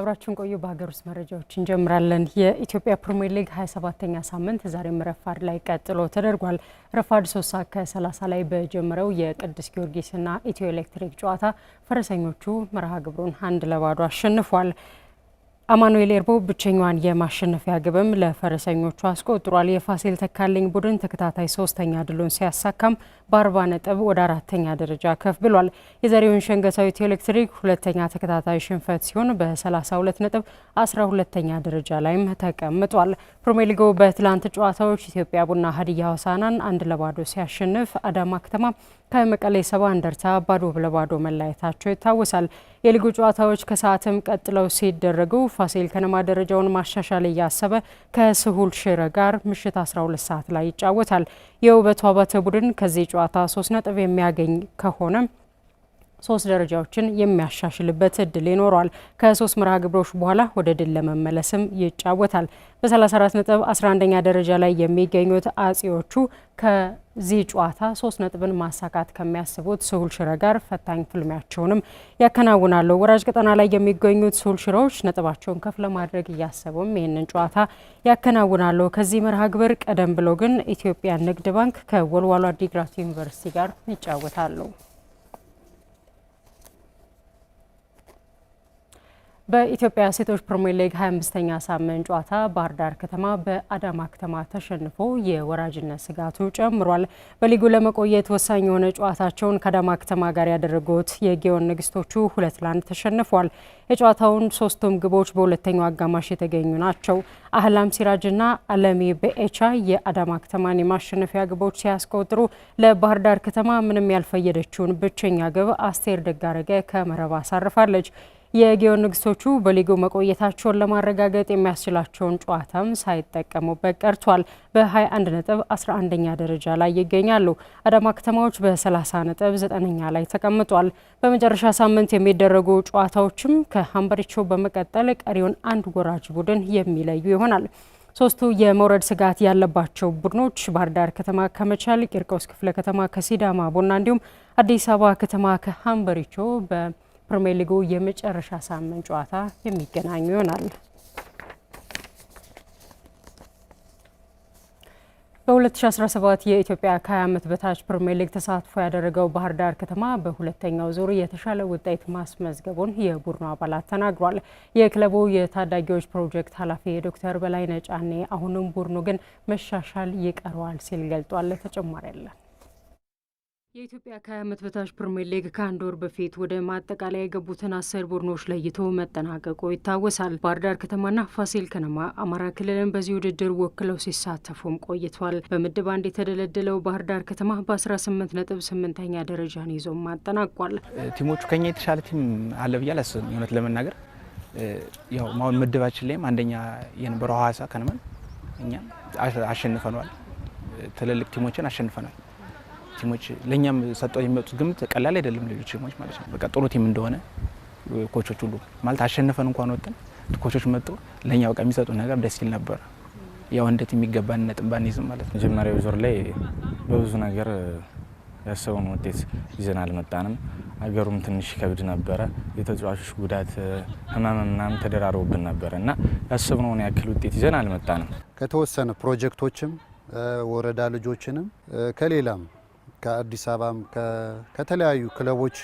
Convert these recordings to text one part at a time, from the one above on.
አብራችን ቆዩ። በሀገር ውስጥ መረጃዎች እንጀምራለን። የኢትዮጵያ ፕሪምየር ሊግ 27ኛ ሳምንት ዛሬም ረፋድ ላይ ቀጥሎ ተደርጓል። ረፋድ 3 ሰዓት ከ30 ላይ በጀመረው የቅዱስ ጊዮርጊስና ኢትዮ ኤሌክትሪክ ጨዋታ ፈረሰኞቹ መርሃ ግብሩን አንድ ለባዶ አሸንፏል። አማኑኤል ኤርቦ ብቸኛዋን የማሸነፊያ ግብም ለፈረሰኞቹ አስቆጥሯል። የፋሲል ተካልኝ ቡድን ተከታታይ ሶስተኛ ድሉን ሲያሳካም በአርባ ነጥብ ወደ አራተኛ ደረጃ ከፍ ብሏል። የዛሬውን ሸንገታዊት ኤሌክትሪክ ሁለተኛ ተከታታይ ሽንፈት ሲሆን በ32 ነጥብ 12ተኛ ደረጃ ላይም ተቀምጧል። ፕሪሚየር ሊጉ በትላንት ጨዋታዎች ኢትዮጵያ ቡና ሀዲያ ሆሳዕናን አንድ ለባዶ ሲያሸንፍ፣ አዳማ ከተማ ከመቀሌ ሰባ እንደርታ ባዶ ለባዶ መለያየታቸው ይታወሳል። የሊጉ ጨዋታዎች ከሰዓትም ቀጥለው ሲደረጉ ፋሲል ከነማ ደረጃውን ማሻሻል እያሰበ ከስሁል ሽረ ጋር ምሽት 12 ሰዓት ላይ ይጫወታል። የውበቱ አባተ ቡድን ከዚህ ጨዋታ ሶስት ነጥብ የሚያገኝ ከሆነም ሶስት ደረጃዎችን የሚያሻሽልበት እድል ይኖረዋል። ከሶስት መርሃ ግብሮች በኋላ ወደ ድል ለመመለስም ይጫወታል። በ34 ነጥብ 11ኛ ደረጃ ላይ የሚገኙት አጼዎቹ ከዚህ ጨዋታ ሶስት ነጥብን ማሳካት ከሚያስቡት ስሁል ሽረ ጋር ፈታኝ ፍልሚያቸውንም ያከናውናሉ። ወራጅ ቀጠና ላይ የሚገኙት ስሁል ሽረዎች ነጥባቸውን ከፍ ለማድረግ እያሰቡም ይህንን ጨዋታ ያከናውናሉ። ከዚህ መርሃ ግብር ቀደም ብሎ ግን ኢትዮጵያ ንግድ ባንክ ከወልዋሎ አዲግራት ዩኒቨርሲቲ ጋር ይጫወታሉ። በኢትዮጵያ ሴቶች ፕሪሚየር ሊግ 25ኛ ሳምንት ጨዋታ ባህር ዳር ከተማ በአዳማ ከተማ ተሸንፎ የወራጅነት ስጋቱ ጨምሯል። በሊጉ ለመቆየት ወሳኝ የሆነ ጨዋታቸውን ከአዳማ ከተማ ጋር ያደረጉት የጊዮን ንግስቶቹ ሁለት ለአንድ ተሸንፏል። የጨዋታውን ሶስቱም ግቦች በሁለተኛው አጋማሽ የተገኙ ናቸው። አህላም ሲራጅና አለሚ በኤቻ የአዳማ ከተማን የማሸነፊያ ግቦች ሲያስቆጥሩ ለባህር ዳር ከተማ ምንም ያልፈየደችውን ብቸኛ ግብ አስቴር ደጋረገ ከመረብ አሳርፋለች። የጊዮን ንግስቶቹ በሊጉ መቆየታቸውን ለማረጋገጥ የሚያስችላቸውን ጨዋታም ሳይጠቀሙበት ቀርቷል። በ21 ነጥብ 11ኛ ደረጃ ላይ ይገኛሉ። አዳማ ከተማዎች በ30 ነጥብ 9ኛ ላይ ተቀምጧል። በመጨረሻ ሳምንት የሚደረጉ ጨዋታዎችም ከሀምበሪቾ በመቀጠል ቀሪውን አንድ ጎራጅ ቡድን የሚለዩ ይሆናል። ሶስቱ የመውረድ ስጋት ያለባቸው ቡድኖች ባህር ዳር ከተማ ከመቻል፣ ቂርቆስ ክፍለ ከተማ ከሲዳማ ቡና እንዲሁም አዲስ አበባ ከተማ ከሀምበሪቾ በ በፕሪሚየር ሊጉ የመጨረሻ ሳምንት ጨዋታ የሚገናኙ ይሆናል። በ2017 የኢትዮጵያ ከ20 ዓመት በታች ፕሪሚየር ሊግ ተሳትፎ ያደረገው ባህር ዳር ከተማ በሁለተኛው ዙር የተሻለ ውጤት ማስመዝገቡን የቡድኑ አባላት ተናግሯል። የክለቡ የታዳጊዎች ፕሮጀክት ኃላፊ ዶክተር በላይነህ ጫኔ አሁንም ቡድኑ ግን መሻሻል ይቀረዋል ሲል ገልጧል። ተጨማሪ ያለን የኢትዮጵያ ዓመት በታች ፕሪምየር ሊግ ከአንድ ወር በፊት ወደ ማጠቃለያ የገቡትን አስር ቡድኖች ለይቶ መጠናቀቁ ይታወሳል። ባህር ዳር ከተማና ፋሲል ከነማ አማራ ክልልን በዚህ ውድድር ወክለው ሲሳተፉም ቆይቷል። በምድብ አንድ የተደለደለው ባህር ዳር ከተማ በ18 ነጥብ ስምንተኛ ደረጃን ይዞ አጠናቋል። ቲሞቹ ከኛ የተሻለ ቲም አለ ብያል አላስብም። የእውነት ለመናገር ያው አሁን ምድባችን ላይም አንደኛ የነበረው ሀዋሳ ከነማን እኛ አሸንፈነዋል። ትልልቅ ቲሞችን አሸንፈናል። ቲሞች ለእኛም ሰጠው የሚመጡት ግምት ቀላል አይደለም። ሌሎች ቲሞች ማለት ነው። በቃ ጥሩ ቲም እንደሆነ ኮቾች ሁሉ ማለት አሸንፈን እንኳን ወጥን ኮቾች መጡ ለእኛ በቃ የሚሰጡ ነገር ደስ ይል ነበር። ያው እንደት የሚገባን ነጥብ ባንይዝም ማለት ነው። መጀመሪያው ዙር ላይ በብዙ ነገር ያሰበውን ውጤት ይዘን አልመጣንም። አገሩም ትንሽ ከብድ ነበረ። የተጫዋቾች ጉዳት፣ ህመም ምናምን ተደራርቦብን ነበረ እና ያሰብነውን ያክል ውጤት ይዘን አልመጣንም። ከተወሰነ ፕሮጀክቶችም ወረዳ ልጆችንም ከሌላም ከአዲስ አበባም ከተለያዩ ክለቦች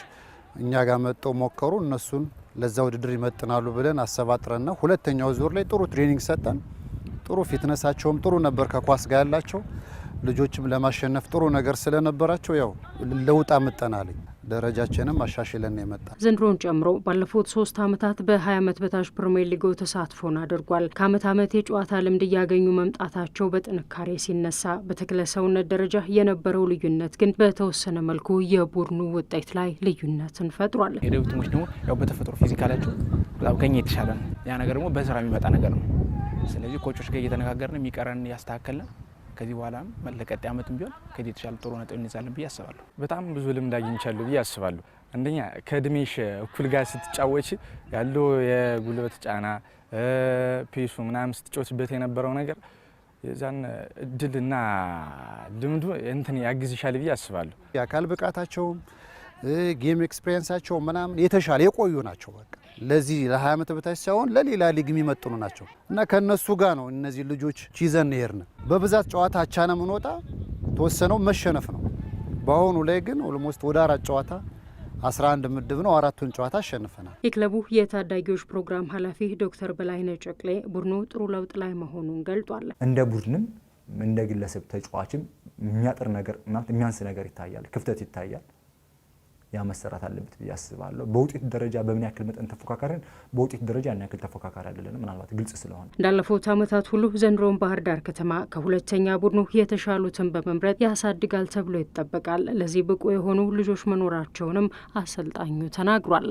እኛ ጋር መጥተው ሞከሩ። እነሱን ለዛ ውድድር ይመጥናሉ ብለን አሰባጥረና ሁለተኛው ዙር ላይ ጥሩ ትሬኒንግ ሰጠን። ጥሩ ፊትነሳቸውም ጥሩ ነበር ከኳስ ጋር ያላቸው ልጆችም ለማሸነፍ ጥሩ ነገር ስለነበራቸው ያው ለውጥ አምጠናለኝ። ደረጃችንም አሻሽለን የመጣ ዘንድሮን ጨምሮ ባለፉት ሶስት ዓመታት በ20 ዓመት በታች ፕሪሚየር ሊግ ተሳትፎን አድርጓል። ከዓመት ዓመት የጨዋታ ልምድ እያገኙ መምጣታቸው በጥንካሬ ሲነሳ፣ በተክለ ሰውነት ደረጃ የነበረው ልዩነት ግን በተወሰነ መልኩ የቡድኑ ውጤት ላይ ልዩነትን ፈጥሯል። የደቡብ ቲሞች ደግሞ ያው በተፈጥሮ ፊዚካላቸው በጣም ከኛ የተሻለ ነው። ያ ነገር ደግሞ በስራ የሚመጣ ነገር ነው። ስለዚህ ኮቾች ጋር እየተነጋገርን የሚቀረን ያስተካከልን ከዚህ በኋላ መለቀጥ ዓመትም ቢሆን ከዚህ የተሻለ ጥሩ ነጥብ እንይዛለን ብዬ አስባለሁ። በጣም ብዙ ልምድ አግኝቻለሁ ብዬ አስባለሁ። አንደኛ ከእድሜሽ እኩል ጋር ስትጫወች ያለው የጉልበት ጫና ፔሱ ምናምን ስትጫወችበት የነበረው ነገር የዛን እድልና ልምዱ እንትን ያግዝሻል ብዬ አስባለሁ። የአካል ብቃታቸውም ጌም ኤክስፔሪንሳቸው ምናምን የተሻለ የቆዩ ናቸው በቃ ለዚህ ለ20 ዓመት በታች ሳይሆን ለሌላ ሊግ የሚመጥኑ ናቸው እና ከነሱ ጋር ነው እነዚህ ልጆች ይዘን ሄርን። በብዛት ጨዋታ አቻ ነው የምንወጣ፣ ተወሰነው መሸነፍ ነው። በአሁኑ ላይ ግን ኦልሞስት ወደ አራት ጨዋታ 11 ምድብ ነው። አራቱን ጨዋታ አሸንፈናል። የክለቡ የታዳጊዎች ፕሮግራም ኃላፊ ዶክተር በላይነህ ጨቅሌ ቡድኑ ጥሩ ለውጥ ላይ መሆኑን ገልጧል። እንደ ቡድንም እንደ ግለሰብ ተጫዋችም የሚያጥር ነገር የሚያንስ ነገር ይታያል፣ ክፍተት ይታያል። ያ መሰራት አለበት ብዬ አስባለሁ። በውጤት ደረጃ በምን ያክል መጠን ተፎካካሪን በውጤት ደረጃ ያን ያክል ተፎካካሪ አይደለን፣ ምናልባት ግልጽ ስለሆነ እንዳለፉት ዓመታት ሁሉ ዘንድሮን ባህር ዳር ከተማ ከሁለተኛ ቡድኑ የተሻሉትን በመምረጥ ያሳድጋል ተብሎ ይጠበቃል። ለዚህ ብቁ የሆኑ ልጆች መኖራቸውንም አሰልጣኙ ተናግሯል።